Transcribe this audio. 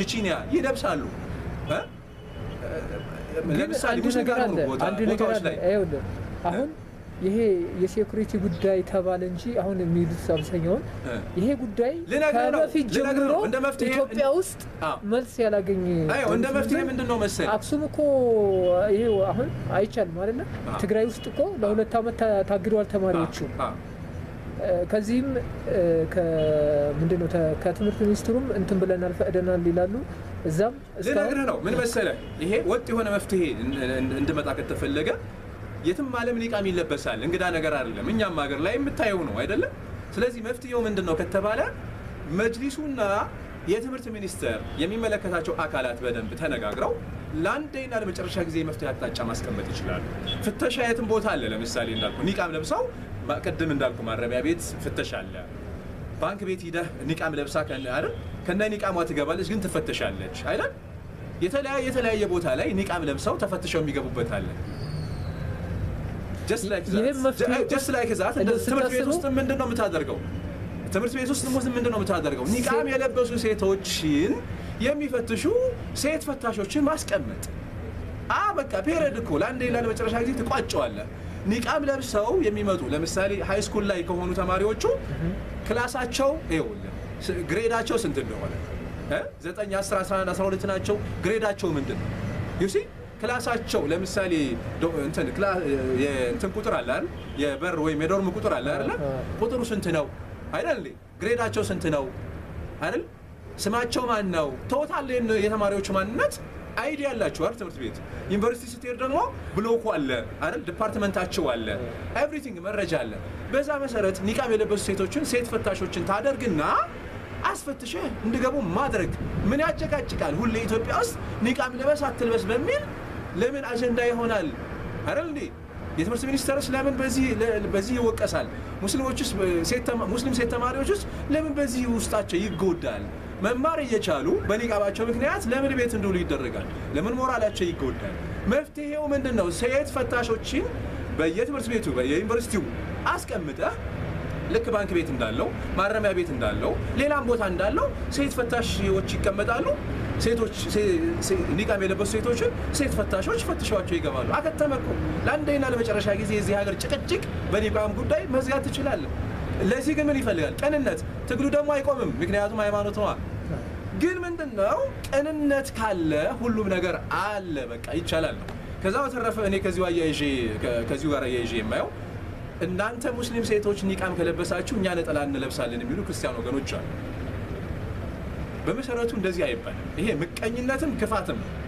ቺቺኒያ ይለብሳሉ። አሁን ይሄ የሴኩሪቲ ጉዳይ ተባለ እንጂ አሁን የሚሉት አብዛኛውን ይሄ ጉዳይ ከበፊት ጀምሮ ኢትዮጵያ ውስጥ መልስ ያላገኝ እንደ መፍትሄ ምንድን ነው መሰለኝ አክሱም እኮ ይሄ አሁን አይቻልም አይደለ? ትግራይ ውስጥ እኮ ለሁለት ዓመት ታግደዋል ተማሪዎቹ ከዚህም ምንድነው ከትምህርት ሚኒስትሩም እንትን ብለናል ፈቅደናል ይላሉ። እዛም ልነግርህ ነው ምን መሰለ ይሄ ወጥ የሆነ መፍትሄ እንድመጣ ከተፈለገ የትም ዓለም ኒቃም ይለበሳል። እንግዳ ነገር አይደለም። እኛም ሀገር ላይ የምታየው ነው አይደለም። ስለዚህ መፍትሄው ምንድን ነው ከተባለ መጅሊሱና የትምህርት ሚኒስቴር የሚመለከታቸው አካላት በደንብ ተነጋግረው ለአንዴና ለመጨረሻ ጊዜ የመፍትሄ አቅጣጫ ማስቀመጥ ይችላሉ። ፍተሻ የትም ቦታ አለ። ለምሳሌ እንዳልኩ ኒቃም ለብሰው ቅድም እንዳልኩ ማረሚያ ቤት ፍተሻ አለ። ባንክ ቤት ሂደህ ኒቃም ለብሳ አይደል ከነ ኒቃሟ ትገባለች፣ ግን ትፈተሻለች አይደል? የተለያየ የተለያየ ቦታ ላይ ኒቃም ለብሰው ተፈትሸው የሚገቡበት አለ። ጀስት ላይክ ዛት ትምህርት ቤት ውስጥ ምንድን ነው የምታደርገው? ትምህርት ቤት ውስጥ ሞት ምንድን ነው የምታደርገው? ኒቃም የለበሱ ሴቶችን የሚፈትሹ ሴት ፈታሾችን ማስቀመጥ። በቃ ፔሪድ እኮ ለአንዴ ላ ጊዜ ትቋጨዋለህ። ኒቃብ ለብሰው የሚመጡ ለምሳሌ ሀይ ስኩል ላይ ከሆኑ ተማሪዎቹ ክላሳቸው ግሬዳቸው ስንት እንደሆነ ዘጠኝ አስር አስራ አንድ አስራ ሁለት ናቸው። ግሬዳቸው ምንድን ነው? ዩሲ ክላሳቸው ለምሳሌ እንትን ቁጥር አለ አይደል? የበር ወይም የዶርም ቁጥር አለ አይደለ ቁጥሩ ስንት ነው አይደል? ግሬዳቸው ስንት ነው አይደል? ስማቸው ማን ነው? ቶታል የተማሪዎቹ ማንነት አይዲ ያላችሁ አይደል? ትምህርት ቤት ዩኒቨርሲቲ ስትሄድ ደግሞ ብሎኩ አለ አይደል? ዲፓርትመንታቸው አለ፣ ኤቭሪቲንግ መረጃ አለ። በዛ መሰረት ኒቃብ የለበሱ ሴቶችን ሴት ፈታሾችን ታደርግና አስፈትሸ እንዲገቡ ማድረግ ምን ያጨቃጭቃል? ሁሌ ኢትዮጵያ ውስጥ ኒቃብ ልበስ አትልበስ በሚል ለምን አጀንዳ ይሆናል? አይደል እንዴ? የትምህርት ሚኒስቴርስ ለምን በዚህ ይወቀሳል? ሙስሊሞች ሙስሊም ሴት ተማሪዎች ውስጥ ለምን በዚህ ውስጣቸው ይጎዳል? መማር እየቻሉ በኒቃባቸው ምክንያት ለምን ቤት እንዲውሉ ይደረጋል? ለምን ሞራላቸው ይጎዳል? መፍትሄው ምንድን ነው? ሴት ፈታሾችን በየትምህርት ቤቱ በየዩኒቨርሲቲው አስቀምጠ ልክ ባንክ ቤት እንዳለው ማረሚያ ቤት እንዳለው ሌላም ቦታ እንዳለው ሴት ፈታሾች ይቀመጣሉ። ሴቶች ኒቃም የለበሱ ሴቶችን ሴት ፈታሾች ፈትሸዋቸው ይገባሉ። አከተመ እኮ። ለአንዴና ለመጨረሻ ጊዜ የዚህ ሀገር ጭቅጭቅ በኒቃም ጉዳይ መዝጋት ትችላለን። ለዚህ ግን ምን ይፈልጋል? ቅንነት። ትግሉ ደግሞ አይቆምም፣ ምክንያቱም ሃይማኖት ነዋ። ግን ምንድን ነው ቅንነት ካለ ሁሉም ነገር አለ፣ በቃ ይቻላል ነው። ከዛ በተረፈ እኔ ከዚሁ አያይዤ ከዚሁ ጋር አያይዤ የማየው እናንተ ሙስሊም ሴቶች ኒቃም ከለበሳችሁ እኛ ነጠላ እንለብሳለን የሚሉ ክርስቲያን ወገኖች አሉ። በመሰረቱ እንደዚህ አይባልም። ይሄ ምቀኝነትም ክፋትም ነው።